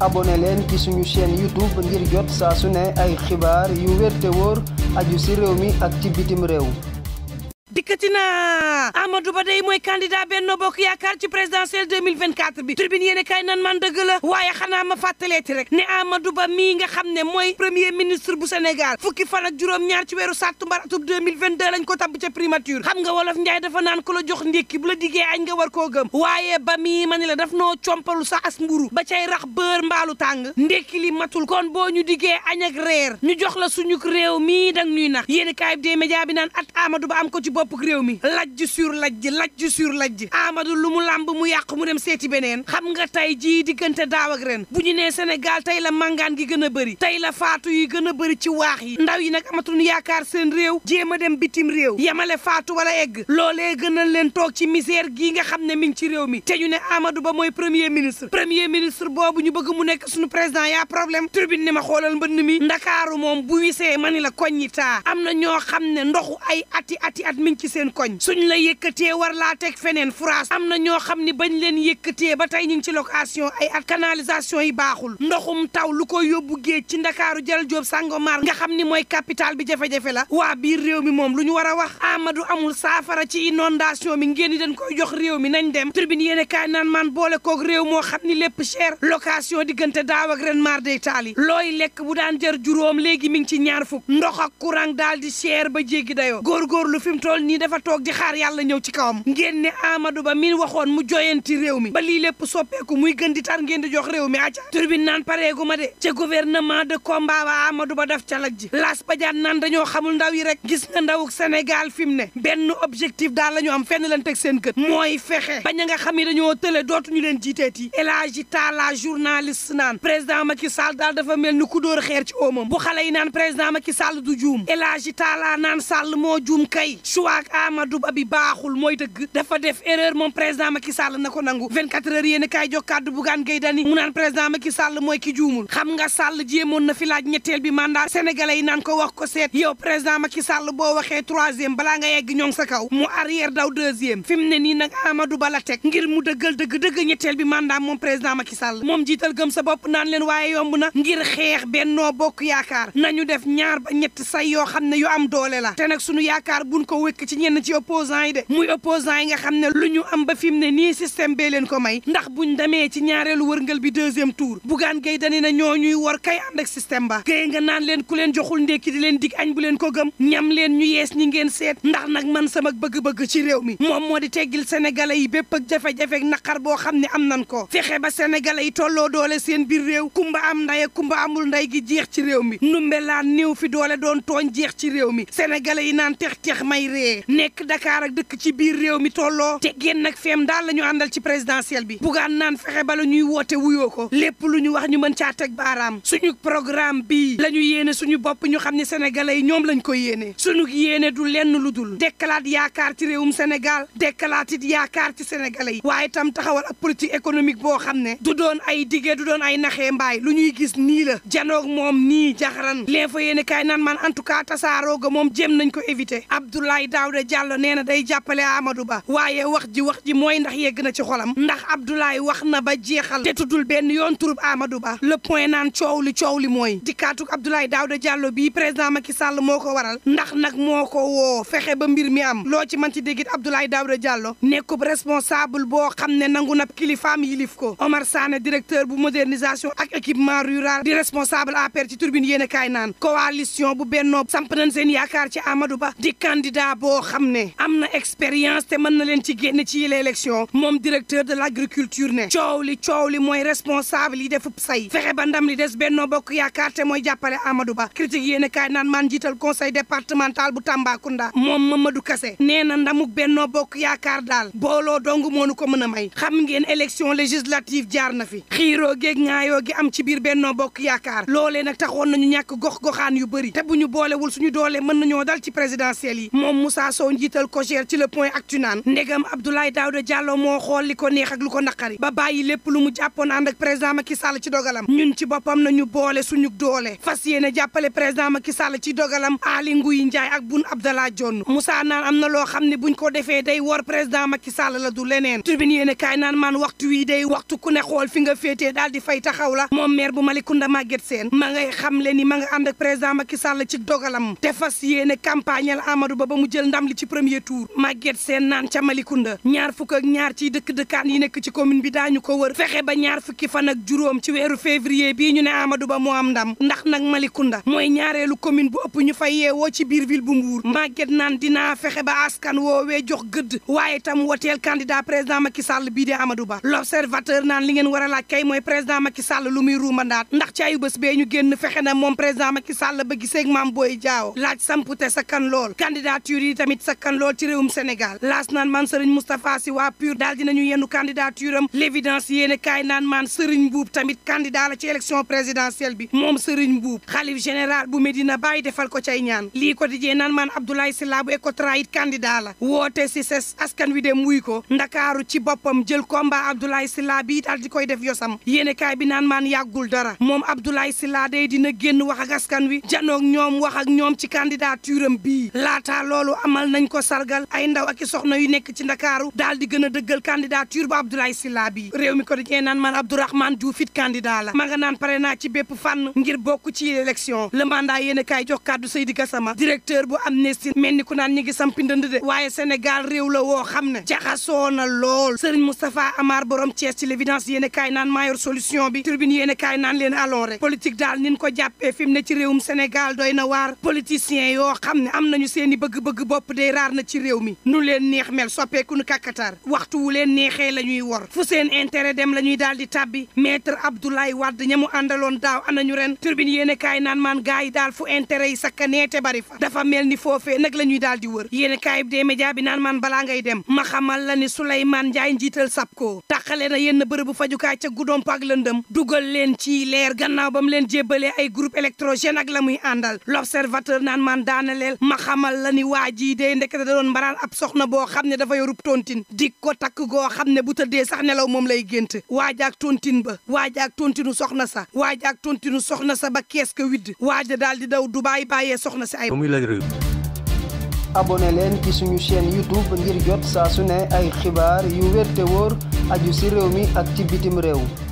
abone leen ki suñu chaîne YouTube ngir jot saa su ne ay xibaar yu wér woor wóor ci réew mi ak ci bitim réew dikkati na Amadou Ba day mooy candidat Benno Bokk Yaakaar ci présidentielle 2024 bi tribune yéene kay nan man dëgg la waaye xanaa ma fàttaleeti rek ne Amadou Ba mii nga xam ne mooy premier ministre bu Sénégal fukki fan ak juróom-ñaar ci weeru sàttumbar atub 2022 lañ ko tabb ca primature xam nga wolof Njaay dafa naan ku la jox ndékki bu la diggee añ nga war koo gëm waaye ba mii ma ne la daf noo compalu sax as mburu ba cay rax bër mbaalu tàng ndékki li matul kon boo ñu diggee añ ak reer ñu jox la suñu réew mii dang ñuy nax yéene kaay bi bi naan at Amadou am ko ci bopp bopp réew mi lajj sur lajj lajj sur lajj Amadou lu mu làmb mu yàq mu dem seeti beneen xam nga tey jii diggante daaw ak bu ñu nee Sénégal tey la màngaan gi gën a bëri tey la faatu yi gën a bëri ci waax yi ndaw yi nag amatuñu yaakaar seen réew jéem a dem bitim réew yemale faatu wala egg loolee gënal leen toog ci misère gii nga xam ne mi ngi ci réew mi te ñu ne Amadou Ba mooy premier ministre premier ministre boobu ñu bëgg mu nekk suñu président yaa problème tribune ni ma xoolal mbënn mi ndakaaru moom bu wisee ma ni am na ñoo xam ne ndoxu ay ati ati at mi mi ngi ci seen koñ suñ la yëkkatee war laa teg feneen France am na ñoo xam ni bañ leen yëkkatee ba tey ñu ngi ci location ay at canalisation yi baaxul ndoxum taw lu ko yóbbu géej ci ndakaaru jël joob Sangomar nga xam ni mooy capital bi jafe-jafe la waa biir réew mi moom lu ñu war a wax Amadou amul saafara ci inondation mi ngeen di dañ koy jox réew mi nañ dem tribune yéene kaay naan man boole koog réew moo xam ni lépp cher location diggante daawa ak ren mar day taali looy lekk bu daan jër juróom léegi mi ngi ci ñaar fukk ndox ak daal di cher ba jéggi dayoo toll nii dafa toog di xaar yàlla ñëw ci kawam ngeen ne Amadou Ba mi waxoon mu joyanti réew mi ba lii lépp soppeeku muy gën di tar ngeen di jox réew mi aca turbine naan pareegu ma de ca gouvernement de combat ba Amadou Ba daf calag ji las bajaan naan dañoo xamul ndaw yi rek gis nga ndawuk Sénégal fi mu ne benn objectif daal la ñu am fenn leen teg seen kët mooy fexe bañ a nga xam ne dañoo tële dootuñu leen jiiteeti El Hadji Talla journaliste naan président Macky Sall dafa mel ni ku dóor xeer ci oomam bu xale yi naan président Macky Sall du juum El Hadji Talla naan Sall moo juum choix Amadou Ba bi baaxul mooy dëgg dafa def erreur moom président Macky Sall na ko nangu 24 heures yéen a kaay jox kàddu Bougane Gueye Dany mu naan président Macky Sall mooy ki juumul xam nga Sall jéemoon na fi laaj ñetteel bi mandaa sénégalais yi naan ko wax ko seet yow président Macky Sall boo waxee troisième balaa nga yegg ñoŋ sa kaw mu arrière daw deuxième fi mu ne nii nag Amadou Ba ngir mu dëggal dëgg dëgg ñetteel bi mandaa moom président Macky Sall moom jiital gëm sa bopp naan leen waaye yomb na ngir xeex bennoo bokk yaakaar nañu def ñaar ba ñett say yoo xam ne yu am doole la nag sunu yaakaar buñ ko wékk ci ñenn ci opposants yi de muy opposants yi nga xam ne lu ñu am ba fi ne nii système bee leen ko may ndax buñ damee ci ñaareelu wërngal bi deuxième tour bugaan gay dani na ñoo ñuy war kay ànd ak système ba gay nga naan leen ku leen joxul ndékki di leen dig añ bu leen ko gëm ñam leen ñu yees ñi ngeen seet ndax nag man sama bëgg-bëgg ci réew mi moom moo di teggil sénégalais yi bépp ak jafe-jafe naqar boo xam ne am nan ko fexe ba sénégalais yi tolloo doole seen biir réew kumba am ndaye kumba amul nday gi jeex ci réew mi numbelaan néew fi doole doon tooñ jeex ci réew mi sénégalais yi naan tex tex may ree boole nekk Dakar ak dëkk ci biir réew mi tolloo te génn ak feem daal la ñu àndal ci présidentielle bi bugaan naan fexe ba la ñuy woote wuyoo ko lépp lu ñu wax ñu mën caa teg baaraam suñu programme bi la ñu yéene suñu bopp ñu xam ne sénégalais yi ñoom lañ ko yéene suñu yéene du lenn lu dul dekkalaat yaakaar ci réewum senegal dekkalaat yaakaar ci sénégalais yi waaye tam taxawal ak politique économique boo xam ne du doon ay digee du doon ay naxee mbaay lu ñuy gis nii la janoog moom nii jaxaran leen fa yéene kaay naan man en tout cas tasaarooga moom jéem ko éviter Daouda Diallo nee na day jàppale Amadou Ba waaye wax ji wax ji mooy ndax yegg na ci xolam ndax Abdoulaye wax na ba jeexal te tuddul benn yoon turub Amadou Ba le point naan coow li coow li mooy dikkaatuk Abdoulaye Daouda Diallo bii président Macky Sall moo ko waral ndax nag moo ko woo fexe ba mbir mi am loo ci mën ci déggit Abdoulaye Daouda Diallo nekkub responsable boo xam ne nangu nab kilifaam yilif ko Omar Sané directeur bu modernisation ak équipement rural di responsable APR ci turbine yéen a kaay naan coalition bu bennoo samp nañ seen yaakaar ci Amadou boo xam ne am na expérience te mën na leen ci génn ci yile élection moom directeur de l' agriculture ne coow li coow li mooy responsable yi defub say fexe ba ndam li des Benno Bokk Yaakaar te mooy jàppale Amadou Ba critique yéen kaay naan maan jiital conseil départemental bu Tambacounda moom Mamadou Kassé nee na ndamu Benno Bokk Yaakaar daal booloo dong moonu ko mën a may xam ngeen élection législative jaar na fi xiiroo géeg ŋaayoo gi am ci biir Benno Bokk Yaakaar loolee nag taxoon nañu ñàkk gox goxaan yu bëri te bu ñu boolewul suñu doole mën nañoo dal ci présidentielle yi Moussa Sow njiital COJER ci le point actu naan ndegam Abdoulaye Daouda Diallo moo xool li ko neex ak lu ko naqari ba bàyyi lépp lu mu jàppoon ànd ak président Macky Sall ci dogalam ñun ci boppam nañu boole suñu doole fas yéene jàppale président Macky Sall ci dogalam Aly Ngouille Ndiaye ak Boun Abdallah Dionne Moussa naan am na loo xam ne buñ ko defee day wor président Macky Sall la du leneen turbine yéene kaay naan maan waxtu wii day waxtu ku ne xool fi nga féetee daal di fay taxaw la moom maire bu Malicounda Maguette Sène ma ngay xam le ni ma nga ànd ak président Macky Sall ci dogalam te fas yéene campagne jël ndam li ci premier tour màgget seen naan ca Malicounda ñaar fukk ak ñaar ciy dëkk-dëkkaan yi nekk ci commune bi daañu ko wër fexe ba ñaar fukki fan ak juróom ci weeru février bii ñu ne amadu Ba moo am ndam ndax nag Malicounda mooy ñaareelu commune bu ëpp ñu fay yeewoo ci biir ville bu Mbuur màgget naan dina fexe ba askan woowee jox gëdd waaye tam woteel candidat président Macky Sall bii di Amadou Ba l'observateur naan li ngeen war a laaj mooy président Macky Sall lu muy ruumandaat ndax ci ayu bés bee ñu génn fexe na moom président Macky Sall ba giseeg maam booy jaaw laaj sampute sa kan lool candidature yi tamit sakkan lool ci réew réewum Sénégal laas naan man Serigne Moustapha Sy waa PUR daal yenn yennu candidature am l'évidence yéen a kaay naan man Serigne Mbuub tamit candidat la ci élection présidentielle bi moom Serigne Mbuub xalif général bu Medina Baye defal ko ca ñaan lii ko dijee naan man Abdoulaye Sylla bu Ecotra it candidat la woote si ses askan wi dem wuy ko ndakaaru ci boppam jël combat Abdoulaye Sylla bi daal di koy def yosam yéen kaay bi naan maan yàggul dara moom Abdoulaye Sylla day dina génn wax ak askan wi janoog ñoom wax ak ñoom ci candidature am bii laataa amal nañ ko sargal ay ndaw ak i soxna yu nekk ci ndakaaru daal di gën a dëggal candidature ba Abdoulaye Sylla bi réew mi ko di naan man Abdourahmane Diouf it candidat la ma nga naan pare naa ci bépp fànn ngir bokk ci élection le mandat yéen a kaay jox kàddu Seydi Gassama directeur bu Amnesty mel ni ku naan ñi ngi sampi ndënd de waaye Sénégal réew la woo xam ne jaxasoo na lool Serigne Moustapha Amar borom Thiès ci l'évidence yéen a kaay naan mayor solution bi tribune yéen a kaay naan leen allons rek politique daal ko jàppee fi mu ne ci réewum Sénégal doy na waar politiciens yoo xam ne am nañu seen bëgg-bëgg bopp day raar na ci réew mi nu leen neex mel soppeeku nu kàkkatar waxtu wu leen neexee la ñuy wor fu seen intérêt dem la ñuy daal di tàbbi maître Abdoulaye Wade ña mu àndaloon daaw anañu ren turbine yéen kaay naan maan gars yi daal fu intérêt yi sakka neete bari fa dafa mel ni foofee nag la ñuy daal di wër yéen kaay bi dee média bi naan maan balaa ngay dem ma xamal la ni Souleymane Ndiaye njiital SAPCO tàqale na yenn bërëbu fajukaay ca guddoom ak lëndam dugal leen ci leer gannaaw ba mu leen jébbalee ay groupe électrogène ak la muy àndal l'observateur naan ma xamal la ni waaj jii day ndekete da doon mbaraan ab soxna boo xam ne dafa yorub tontine di ko takk goo xam ne bu tëddee sax nelaw moom lay gént waajaak tontine ba waajaak tontinu soxna sa ak tontinu soxna sa ba kees ka widd waaja daal di daw bàyyi bàyyee soxna si ay abonné leen ci suñu chaîne YouTube ngir jot saa su ne ay xibaar yu wér te wóor aju ci réew mi ak ci bitim réew